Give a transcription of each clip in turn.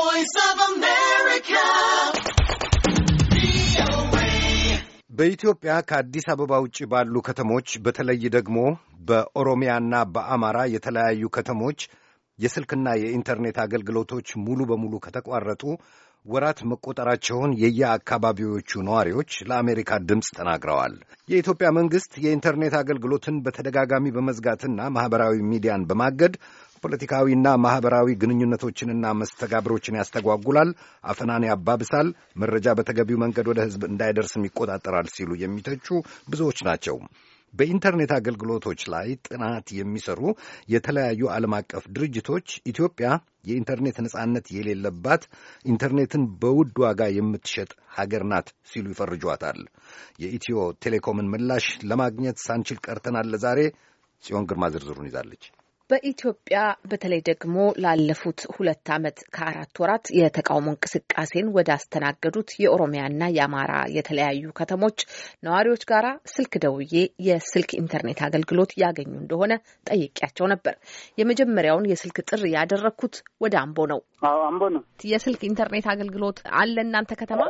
voice of America. በኢትዮጵያ ከአዲስ አበባ ውጭ ባሉ ከተሞች በተለይ ደግሞ በኦሮሚያና በአማራ የተለያዩ ከተሞች የስልክና የኢንተርኔት አገልግሎቶች ሙሉ በሙሉ ከተቋረጡ ወራት መቆጠራቸውን የየአካባቢዎቹ ነዋሪዎች ለአሜሪካ ድምፅ ተናግረዋል። የኢትዮጵያ መንግሥት የኢንተርኔት አገልግሎትን በተደጋጋሚ በመዝጋትና ማኅበራዊ ሚዲያን በማገድ ፖለቲካዊና ማኅበራዊ ግንኙነቶችንና መስተጋብሮችን ያስተጓጉላል፣ አፈናን ያባብሳል፣ መረጃ በተገቢው መንገድ ወደ ሕዝብ እንዳይደርስም ይቆጣጠራል ሲሉ የሚተቹ ብዙዎች ናቸው። በኢንተርኔት አገልግሎቶች ላይ ጥናት የሚሰሩ የተለያዩ ዓለም አቀፍ ድርጅቶች ኢትዮጵያ የኢንተርኔት ነጻነት የሌለባት ኢንተርኔትን በውድ ዋጋ የምትሸጥ ሀገር ናት ሲሉ ይፈርጇታል። የኢትዮ ቴሌኮምን ምላሽ ለማግኘት ሳንችል ቀርተናል። ለዛሬ ጽዮን ግርማ ዝርዝሩን ይዛለች። በኢትዮጵያ በተለይ ደግሞ ላለፉት ሁለት ዓመት ከአራት ወራት የተቃውሞ እንቅስቃሴን ወደ አስተናገዱት የኦሮሚያና የአማራ የተለያዩ ከተሞች ነዋሪዎች ጋራ ስልክ ደውዬ የስልክ ኢንተርኔት አገልግሎት ያገኙ እንደሆነ ጠይቄያቸው ነበር። የመጀመሪያውን የስልክ ጥሪ ያደረግኩት ወደ አምቦ ነው። አዎ አምቦ ነው። የስልክ ኢንተርኔት አገልግሎት አለ እናንተ ከተማ?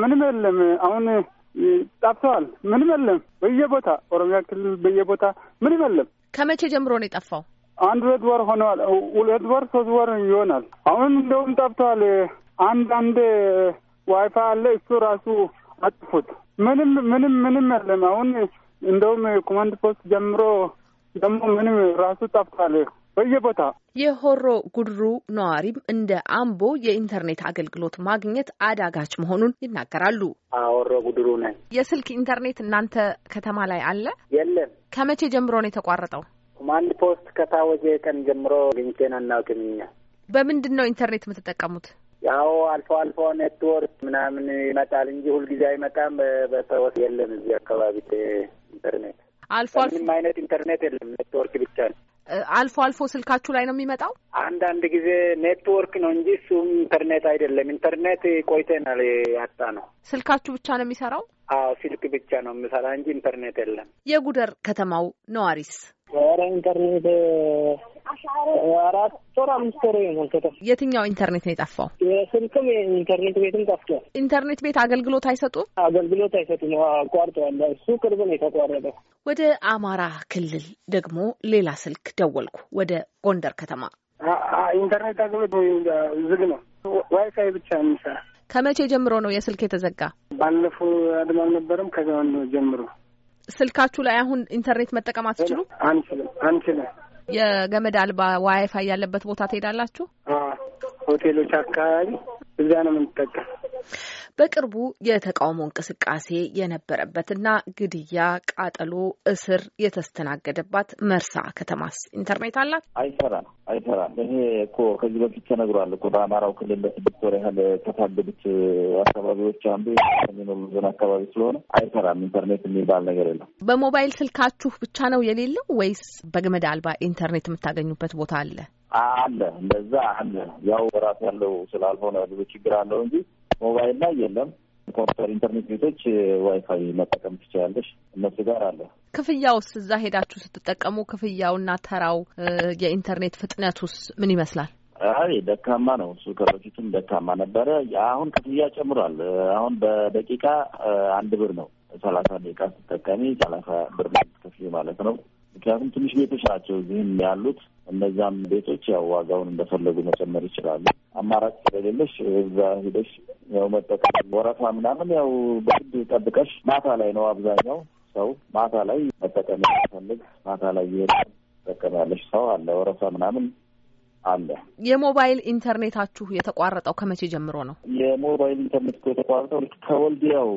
ምንም የለም አሁን ጠፍተዋል። ምንም የለም በየቦታ ኦሮሚያ ክልል በየቦታ ምንም የለም። ከመቼ ጀምሮ ነው የጠፋው? አንድ ሁለት ወር ሆነዋል። ሁለት ወር ሶስት ወር ይሆናል። አሁን እንደውም ጠፍቷል። አንድ አንድ ዋይፋይ አለ እሱ ራሱ አጥፉት። ምንም ምንም ምንም የለም። አሁን እንደውም ኮማንድ ፖስት ጀምሮ ደግሞ ምንም ራሱ ጠፍቷል። በየቦታ የሆሮ ጉድሩ ነዋሪም እንደ አምቦ የኢንተርኔት አገልግሎት ማግኘት አዳጋች መሆኑን ይናገራሉ። ሆሮ ጉድሩ ነ የስልክ ኢንተርኔት እናንተ ከተማ ላይ አለ? የለም። ከመቼ ጀምሮ ነው የተቋረጠው? ኮማንድ ፖስት ከታወጀ ቀን ጀምሮ ግኝቴን አናውቅም። እኛ በምንድን ነው ኢንተርኔት የምትጠቀሙት? ያው አልፎ አልፎ ኔትወርክ ምናምን ይመጣል እንጂ ሁልጊዜ አይመጣም። በተወስ የለም እዚህ አካባቢ ኢንተርኔት አልፎ አልፎ ምንም አይነት ኢንተርኔት የለም፣ ኔትወርክ ብቻ ነው። አልፎ አልፎ ስልካችሁ ላይ ነው የሚመጣው። አንዳንድ ጊዜ ኔትወርክ ነው እንጂ እሱም ኢንተርኔት አይደለም። ኢንተርኔት ቆይተናል ያጣ ነው። ስልካችሁ ብቻ ነው የሚሰራው? አዎ ስልክ ብቻ ነው የምሰራ እንጂ ኢንተርኔት የለም። የጉደር ከተማው ነዋሪስ? ኧረ ኢንተርኔት አራት ወር አምስት ወር ሞልቶታል። የትኛው ኢንተርኔት ነው የጠፋው? የስልክም ኢንተርኔት ቤትም ጠፍቷል። ኢንተርኔት ቤት አገልግሎት አይሰጡም? አገልግሎት አይሰጡም፣ አቋርጠዋል። እሱ ቅርብ ነው የተቋረጠው። ወደ አማራ ክልል ደግሞ ሌላ ስልክ ደወልኩ፣ ወደ ጎንደር ከተማ። ኢንተርኔት አገልግሎት ዝግ ነው፣ ዋይፋይ ብቻ የሚሰራ ከመቼ ጀምሮ ነው የስልክ የተዘጋ? ባለፈው አድማ አልነበረም? ከዚያ ጀምሮ ስልካችሁ ላይ አሁን ኢንተርኔት መጠቀም አትችሉ? አንችልም አንችልም። የገመድ አልባ ዋይፋይ ያለበት ቦታ ትሄዳላችሁ? ሆቴሎች አካባቢ እዚያ ነው የምንጠቀም በቅርቡ የተቃውሞ እንቅስቃሴ የነበረበትና ግድያ፣ ቃጠሎ፣ እስር የተስተናገደባት መርሳ ከተማስ ኢንተርኔት አላት? አይሰራም፣ አይሰራም። ይሄ እኮ ከዚህ በፊት ተነግሯል እኮ በአማራው ክልል ለስድስት ወር ያህል ከታገዱት አካባቢዎች አንዱ የሚኖሩ ዞን አካባቢ ስለሆነ አይሰራም። ኢንተርኔት የሚባል ነገር የለም። በሞባይል ስልካችሁ ብቻ ነው የሌለው ወይስ በገመድ አልባ ኢንተርኔት የምታገኙበት ቦታ አለ? አለ እንደዛ አለ። ያው ራሱ ያለው ስላልሆነ ብዙ ችግር አለው እንጂ ሞባይል ላይ የለም። ኮምፒተር ኢንተርኔት ቤቶች ዋይፋይ መጠቀም ትችላለች። እነሱ ጋር አለ። ክፍያውስ እዛ ሄዳችሁ ስትጠቀሙ ክፍያውና ተራው የኢንተርኔት ፍጥነቱስ ምን ይመስላል? አይ ደካማ ነው እሱ። ከበፊቱም ደካማ ነበረ። አሁን ክፍያ ጨምሯል። አሁን በደቂቃ አንድ ብር ነው። ሰላሳ ደቂቃ ስትጠቀሚ ሰላሳ ብር ነው ማለት ነው። ምክንያቱም ትንሽ ቤቶች ናቸው እዚህም ያሉት። እነዛም ቤቶች ያው ዋጋውን እንደፈለጉ መጨመር ይችላሉ። አማራጭ ስለሌለሽ እዛ ሂደሽ ያው መጠቀም ወረፋ ምናምን ያው በግድ ጠብቀሽ ማታ ላይ ነው አብዛኛው ሰው ማታ ላይ መጠቀም የሚፈልግ ማታ ላይ ይሄድ ጠቀም ሰው አለ። ወረፋ ምናምን አለ። የሞባይል ኢንተርኔታችሁ የተቋረጠው ከመቼ ጀምሮ ነው? የሞባይል ኢንተርኔት የተቋረጠው ልክ ከወልዲያው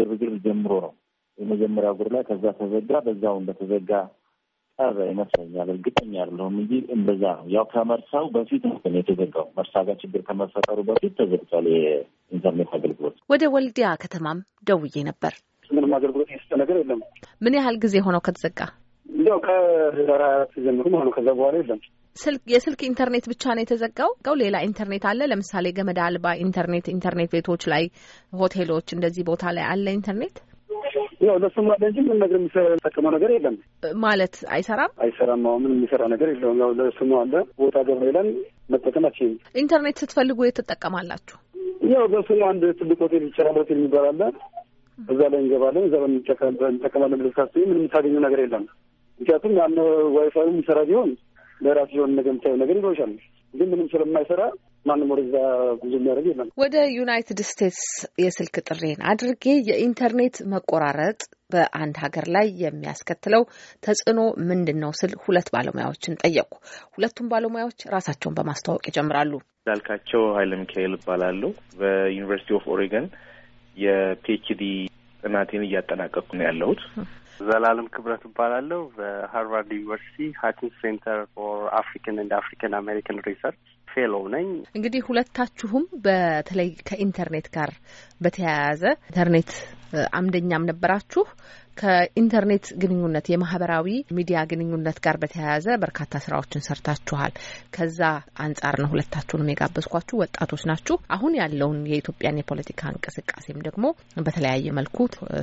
ግርግር ጀምሮ ነው። የመጀመሪያ ጉር ላይ ከዛ ተዘጋ። በዛው እንደተዘጋ ቀረ ይመስለኛል። እርግጠኛ አይደለሁም እንጂ እንደዛ ነው። ያው ከመርሳው በፊት ነው የተዘጋው። መርሳ ጋር ችግር ከመፈጠሩ በፊት ተዘግቷል የኢንተርኔት አገልግሎት። ወደ ወልዲያ ከተማም ደውዬ ነበር። ምንም አገልግሎት የሰጠ ነገር የለም። ምን ያህል ጊዜ ሆነው ከተዘጋ? እንዲያው ከራት ጀምሩ ሆነ። ከዛ በኋላ የለም። ስልክ የስልክ ኢንተርኔት ብቻ ነው የተዘጋው። ቀው ሌላ ኢንተርኔት አለ። ለምሳሌ ገመድ አልባ ኢንተርኔት ኢንተርኔት ቤቶች ላይ፣ ሆቴሎች እንደዚህ ቦታ ላይ አለ ኢንተርኔት ያው ለሱም አለ እንጂ ምን ነገር የሚጠቀመው ነገር የለም ማለት አይሰራም አይሰራም። አሁን ምን የሚሰራ ነገር የለውም። ያው ለሱም አለ ቦታ ገብ ብለን መጠቀም አችም ኢንተርኔት ስትፈልጉ የት ትጠቀማላችሁ? ያው በሱም አንድ ትልቅ ሆቴል ይቻላል ሆቴል የሚባል አለ። እዛ ላይ እንገባለን። እዛ እንጠቀማለን ብለህ ካስ የምታገኘው ነገር የለም። ምክንያቱም ያን ዋይፋይ የሚሰራ ቢሆን ለራሱ የሆነ ነገር የምታየው ነገር ይኖርሻል። ግን ምንም ስለማይሰራ ማንም ወደዛ ጉዞ የሚያደርግ የለም። ወደ ዩናይትድ ስቴትስ የስልክ ጥሬን አድርጌ የኢንተርኔት መቆራረጥ በአንድ ሀገር ላይ የሚያስከትለው ተጽዕኖ ምንድን ነው ስል ሁለት ባለሙያዎችን ጠየቁ። ሁለቱም ባለሙያዎች ራሳቸውን በማስተዋወቅ ይጀምራሉ። እንዳልካቸው ኃይለ ሚካኤል እባላለሁ። በዩኒቨርሲቲ ኦፍ ኦሬገን የፒኤችዲ ጥናቴን እያጠናቀቅኩ ነው ያለሁት። ዘላለም ክብረት እባላለሁ። በሃርቫርድ ዩኒቨርሲቲ ሀኪንግ ሴንተር ፎር አፍሪካን ኤንድ አፍሪካን አሜሪካን ሪሰርች ፌሎ ነኝ። እንግዲህ ሁለታችሁም በተለይ ከኢንተርኔት ጋር በተያያዘ ኢንተርኔት አምደኛም ነበራችሁ። ከኢንተርኔት ግንኙነት የማህበራዊ ሚዲያ ግንኙነት ጋር በተያያዘ በርካታ ስራዎችን ሰርታችኋል። ከዛ አንጻር ነው ሁለታችሁንም የጋበዝኳችሁ። ወጣቶች ናችሁ። አሁን ያለውን የኢትዮጵያን የፖለቲካ እንቅስቃሴም ደግሞ በተለያየ መልኩ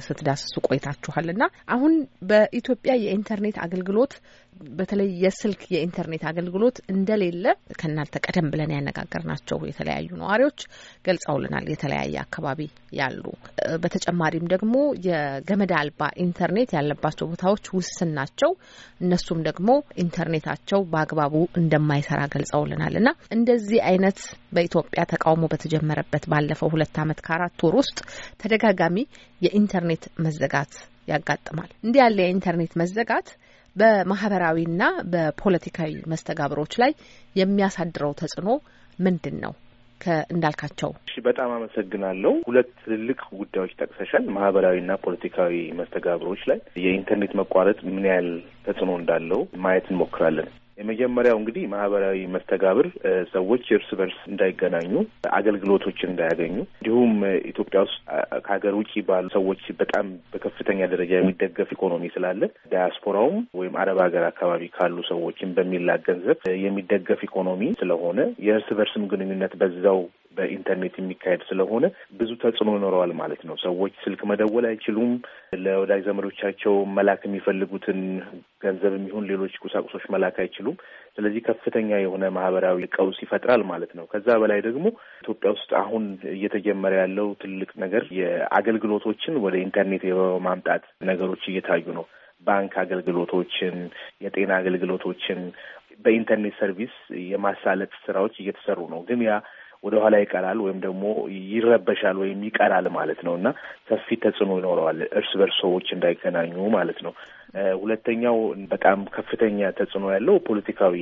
ስትዳስሱ ቆይታችኋል እና አሁን በኢትዮጵያ የኢንተርኔት አገልግሎት በተለይ የስልክ የኢንተርኔት አገልግሎት እንደሌለ ከእናንተ ቀደም ብለን ያነጋገርናቸው የተለያዩ ነዋሪዎች ገልጸውልናል። የተለያየ አካባቢ ያሉ በተጨማሪም ደግሞ የገመድ አልባ ኢንተርኔት ያለባቸው ቦታዎች ውስን ናቸው። እነሱም ደግሞ ኢንተርኔታቸው በአግባቡ እንደማይሰራ ገልጸውልናል እና እንደዚህ አይነት በኢትዮጵያ ተቃውሞ በተጀመረበት ባለፈው ሁለት ዓመት ከአራት ወር ውስጥ ተደጋጋሚ የኢንተርኔት መዘጋት ያጋጥማል። እንዲህ ያለ የኢንተርኔት መዘጋት በማህበራዊና በፖለቲካዊ መስተጋብሮች ላይ የሚያሳድረው ተጽዕኖ ምንድን ነው? እንዳልካቸው በጣም አመሰግናለሁ። ሁለት ትልልቅ ጉዳዮች ጠቅሰሻል። ማህበራዊና ፖለቲካዊ መስተጋብሮች ላይ የኢንተርኔት መቋረጥ ምን ያህል ተጽዕኖ እንዳለው ማየት እንሞክራለን። የመጀመሪያው እንግዲህ ማህበራዊ መስተጋብር ሰዎች እርስ በርስ እንዳይገናኙ፣ አገልግሎቶችን እንዳያገኙ እንዲሁም ኢትዮጵያ ውስጥ ከሀገር ውጭ ባሉ ሰዎች በጣም በከፍተኛ ደረጃ የሚደገፍ ኢኮኖሚ ስላለ ዳያስፖራውም ወይም አረብ ሀገር አካባቢ ካሉ ሰዎችን በሚላክ ገንዘብ የሚደገፍ ኢኮኖሚ ስለሆነ የእርስ በርስም ግንኙነት በዛው በኢንተርኔት የሚካሄድ ስለሆነ ብዙ ተጽዕኖ ይኖረዋል ማለት ነው። ሰዎች ስልክ መደወል አይችሉም። ለወዳጅ ዘመዶቻቸው መላክ የሚፈልጉትን ገንዘብ የሚሆን ሌሎች ቁሳቁሶች መላክ አይችሉም። ስለዚህ ከፍተኛ የሆነ ማህበራዊ ቀውስ ይፈጥራል ማለት ነው። ከዛ በላይ ደግሞ ኢትዮጵያ ውስጥ አሁን እየተጀመረ ያለው ትልቅ ነገር የአገልግሎቶችን ወደ ኢንተርኔት የማምጣት ነገሮች እየታዩ ነው። ባንክ አገልግሎቶችን፣ የጤና አገልግሎቶችን በኢንተርኔት ሰርቪስ የማሳለጥ ስራዎች እየተሰሩ ነው። ግን ያ ወደ ኋላ ይቀራል ወይም ደግሞ ይረበሻል ወይም ይቀራል ማለት ነው እና ሰፊ ተጽዕኖ ይኖረዋል እርስ በርስ ሰዎች እንዳይገናኙ ማለት ነው። ሁለተኛው በጣም ከፍተኛ ተጽዕኖ ያለው ፖለቲካዊ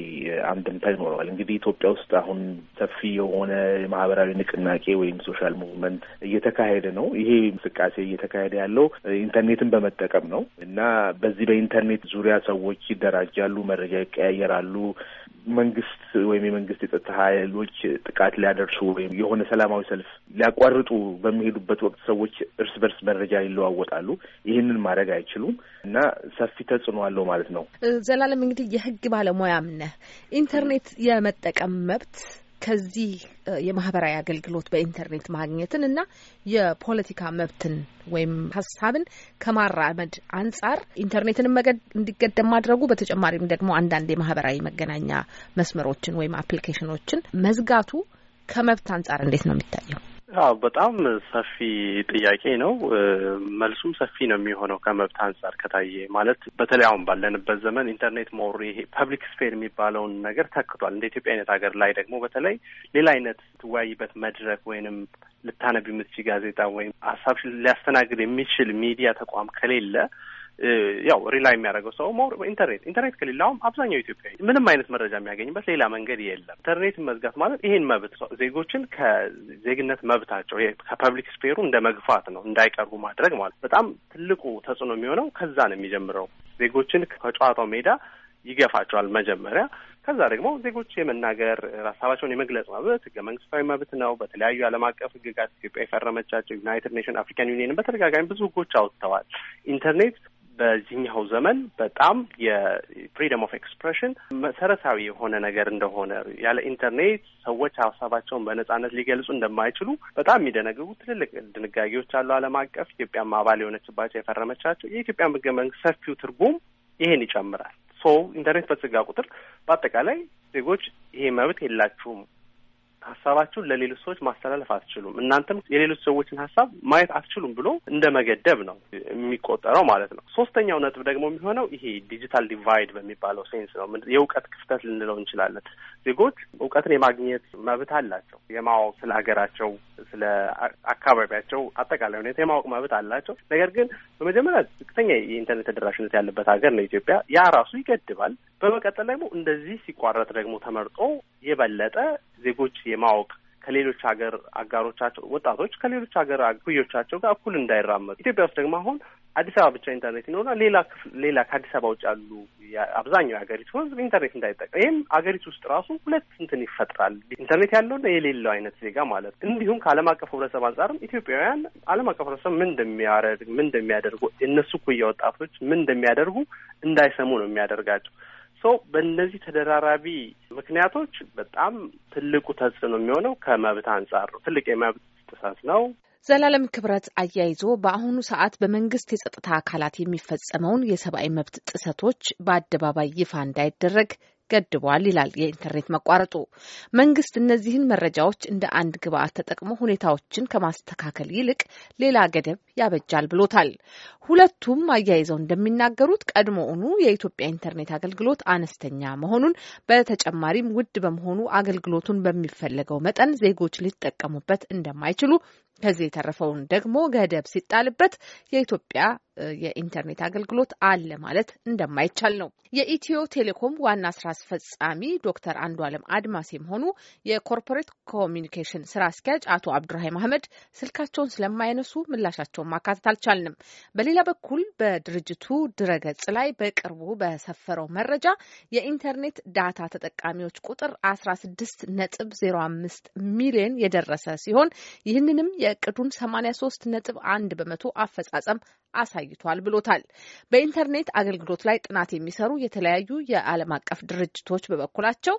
አንድምታ ይኖረዋል። እንግዲህ ኢትዮጵያ ውስጥ አሁን ሰፊ የሆነ ማህበራዊ ንቅናቄ ወይም ሶሻል ሙቭመንት እየተካሄደ ነው። ይሄ እንቅስቃሴ እየተካሄደ ያለው ኢንተርኔትን በመጠቀም ነው እና በዚህ በኢንተርኔት ዙሪያ ሰዎች ይደራጃሉ፣ መረጃ ይቀያየራሉ። መንግስት ወይም የመንግስት የጸጥታ ኃይሎች ጥቃት ሊያደርሱ ወይም የሆነ ሰላማዊ ሰልፍ ሊያቋርጡ በሚሄዱበት ወቅት ሰዎች እርስ በርስ መረጃ ይለዋወጣሉ። ይህንን ማድረግ አይችሉም እና ሰፊ ተጽዕኖ አለው ማለት ነው። ዘላለም እንግዲህ የህግ ባለሙያም ነህ። ኢንተርኔት የመጠቀም መብት ከዚህ የማህበራዊ አገልግሎት በኢንተርኔት ማግኘትን እና የፖለቲካ መብትን ወይም ሀሳብን ከማራመድ አንጻር ኢንተርኔትን እንዲገደም ማድረጉ፣ በተጨማሪም ደግሞ አንዳንድ የማህበራዊ መገናኛ መስመሮችን ወይም አፕሊኬሽኖችን መዝጋቱ ከመብት አንጻር እንዴት ነው የሚታየው? አዎ በጣም ሰፊ ጥያቄ ነው። መልሱም ሰፊ ነው የሚሆነው ከመብት አንጻር ከታየ ማለት በተለይ አሁን ባለንበት ዘመን ኢንተርኔት ሞር ይሄ ፐብሊክ ስፌር የሚባለውን ነገር ተክቷል። እንደ ኢትዮጵያ አይነት ሀገር ላይ ደግሞ በተለይ ሌላ አይነት ትወያይበት መድረክ ወይንም ልታነብ የምትች ጋዜጣ ወይም ሀሳብ ሊያስተናግድ የሚችል ሚዲያ ተቋም ከሌለ ያው ሪላይ የሚያደርገው ሰው ሞር ኢንተርኔት ኢንተርኔት ከሌላውም አብዛኛው ኢትዮጵያዊ ምንም አይነት መረጃ የሚያገኝበት ሌላ መንገድ የለም። ኢንተርኔትን መዝጋት ማለት ይሄን መብት ዜጎችን ከዜግነት መብታቸው ከፐብሊክ ስፔሩ እንደ መግፋት ነው፣ እንዳይቀርቡ ማድረግ ማለት በጣም ትልቁ ተጽዕኖ የሚሆነው ከዛ ነው የሚጀምረው። ዜጎችን ከጨዋታው ሜዳ ይገፋቸዋል መጀመሪያ። ከዛ ደግሞ ዜጎች የመናገር ሀሳባቸውን የመግለጽ መብት ህገ መንግስታዊ መብት ነው። በተለያዩ ዓለም አቀፍ ህግጋት ኢትዮጵያ የፈረመቻቸው ዩናይትድ ኔሽን፣ አፍሪካን ዩኒየን በተደጋጋሚ ብዙ ህጎች አውጥተዋል። ኢንተርኔት በዚህኛው ዘመን በጣም የፍሪደም ኦፍ ኤክስፕሬሽን መሰረታዊ የሆነ ነገር እንደሆነ ያለ ኢንተርኔት ሰዎች ሀሳባቸውን በነጻነት ሊገልጹ እንደማይችሉ በጣም የሚደነግጉ ትልልቅ ድንጋጌዎች አሉ። ዓለም አቀፍ ኢትዮጵያም አባል የሆነችባቸው የፈረመቻቸው የኢትዮጵያ ሕገ መንግስት ሰፊው ትርጉም ይሄን ይጨምራል። ሶ ኢንተርኔት በተዘጋ ቁጥር በአጠቃላይ ዜጎች ይሄ መብት የላችሁም ሀሳባችሁን ለሌሎች ሰዎች ማስተላለፍ አትችሉም፣ እናንተም የሌሎች ሰዎችን ሀሳብ ማየት አትችሉም ብሎ እንደ መገደብ ነው የሚቆጠረው ማለት ነው። ሶስተኛው ነጥብ ደግሞ የሚሆነው ይሄ ዲጂታል ዲቫይድ በሚባለው ሴንስ ነው። የእውቀት ክፍተት ልንለው እንችላለን። ዜጎች እውቀትን የማግኘት መብት አላቸው። የማወቅ ስለ ሀገራቸው፣ ስለ አካባቢያቸው አጠቃላይ ሁኔታ የማወቅ መብት አላቸው። ነገር ግን በመጀመሪያ ዝቅተኛ የኢንተርኔት ተደራሽነት ያለበት ሀገር ነው ኢትዮጵያ። ያ ራሱ ይገድባል። በመቀጠል ደግሞ እንደዚህ ሲቋረጥ ደግሞ ተመርጦ የበለጠ ዜጎች የማወቅ ከሌሎች ሀገር አጋሮቻቸው ወጣቶች ከሌሎች ሀገር ኩዮቻቸው ጋር እኩል እንዳይራመዱ ኢትዮጵያ ውስጥ ደግሞ አሁን አዲስ አበባ ብቻ ኢንተርኔት ይኖራል። ሌላ ክፍል ሌላ ከአዲስ አበባ ውጭ ያሉ አብዛኛው የሀገሪቱ ሕዝብ ኢንተርኔት እንዳይጠቀም ይህም አገሪቱ ውስጥ ራሱ ሁለት እንትን ይፈጥራል። ኢንተርኔት ያለውና የሌለው አይነት ዜጋ ማለት እንዲሁም ከዓለም አቀፍ ሕብረተሰብ አንጻርም ኢትዮጵያውያን ዓለም አቀፍ ሕብረተሰብ ምን እንደሚያደርግ ምን እንደሚያደርጉ እነሱ ኩያ ወጣቶች ምን እንደሚያደርጉ እንዳይሰሙ ነው የሚያደርጋቸው። ሶ በእነዚህ ተደራራቢ ምክንያቶች በጣም ትልቁ ተጽዕኖ የሚሆነው ከመብት አንጻር ትልቅ የመብት ጥሰት ነው። ዘላለም ክብረት አያይዞ በአሁኑ ሰዓት በመንግስት የጸጥታ አካላት የሚፈጸመውን የሰብአዊ መብት ጥሰቶች በአደባባይ ይፋ እንዳይደረግ ገድቧል ይላል የኢንተርኔት መቋረጡ። መንግስት እነዚህን መረጃዎች እንደ አንድ ግብአት ተጠቅሞ ሁኔታዎችን ከማስተካከል ይልቅ ሌላ ገደብ ያበጃል ብሎታል። ሁለቱም አያይዘው እንደሚናገሩት ቀድሞውኑ የኢትዮጵያ ኢንተርኔት አገልግሎት አነስተኛ መሆኑን፣ በተጨማሪም ውድ በመሆኑ አገልግሎቱን በሚፈለገው መጠን ዜጎች ሊጠቀሙበት እንደማይችሉ ከዚህ የተረፈውን ደግሞ ገደብ ሲጣልበት የኢትዮጵያ የኢንተርኔት አገልግሎት አለ ማለት እንደማይቻል ነው። የኢትዮ ቴሌኮም ዋና ስራ አስፈጻሚ ዶክተር አንዱ አለም አድማሴም ሆኑ የኮርፖሬት ኮሚኒኬሽን ስራ አስኪያጅ አቶ አብዱራሂም አህመድ ስልካቸውን ስለማይነሱ ምላሻቸውን ማካተት አልቻልንም። በሌላ በኩል በድርጅቱ ድረገጽ ላይ በቅርቡ በሰፈረው መረጃ የኢንተርኔት ዳታ ተጠቃሚዎች ቁጥር 16 ነጥብ 05 ሚሊዮን የደረሰ ሲሆን ይህንንም የእቅዱን 83 ነጥብ 1 በመቶ አፈጻጸም አሳይቷል ብሎታል። በኢንተርኔት አገልግሎት ላይ ጥናት የሚሰሩ የተለያዩ የዓለም አቀፍ ድርጅቶች በበኩላቸው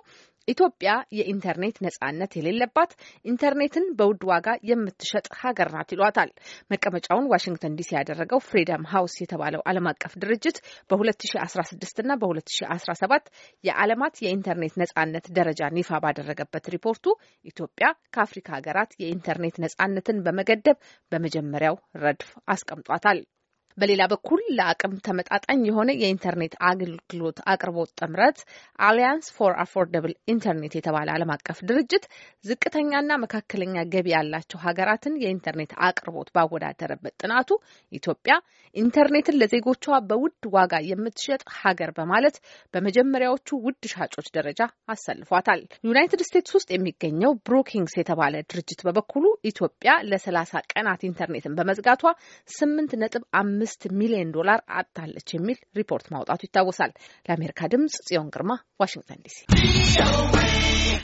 ኢትዮጵያ የኢንተርኔት ነጻነት የሌለባት ኢንተርኔትን በውድ ዋጋ የምትሸጥ ሀገር ናት ይሏታል። መቀመጫውን ዋሽንግተን ዲሲ ያደረገው ፍሪደም ሀውስ የተባለው ዓለም አቀፍ ድርጅት በ2016 እና በ2017 የዓለማት የኢንተርኔት ነጻነት ደረጃን ይፋ ባደረገበት ሪፖርቱ ኢትዮጵያ ከአፍሪካ ሀገራት የኢንተርኔት ነጻነትን በመገደብ በመጀመሪያው ረድፍ አስቀምጧታል። በሌላ በኩል ለአቅም ተመጣጣኝ የሆነ የኢንተርኔት አገልግሎት አቅርቦት ጥምረት አሊያንስ ፎር አፎርደብል ኢንተርኔት የተባለ ዓለም አቀፍ ድርጅት ዝቅተኛና መካከለኛ ገቢ ያላቸው ሀገራትን የኢንተርኔት አቅርቦት ባወዳደረበት ጥናቱ ኢትዮጵያ ኢንተርኔትን ለዜጎቿ በውድ ዋጋ የምትሸጥ ሀገር በማለት በመጀመሪያዎቹ ውድ ሻጮች ደረጃ አሰልፏታል። ዩናይትድ ስቴትስ ውስጥ የሚገኘው ብሮኪንግስ የተባለ ድርጅት በበኩሉ ኢትዮጵያ ለሰላሳ ቀናት ኢንተርኔትን በመዝጋቷ ስምንት ነጥብ አምስት አምስት ሚሊዮን ዶላር አጥታለች የሚል ሪፖርት ማውጣቱ ይታወሳል። ለአሜሪካ ድምጽ ጽዮን ግርማ ዋሽንግተን ዲሲ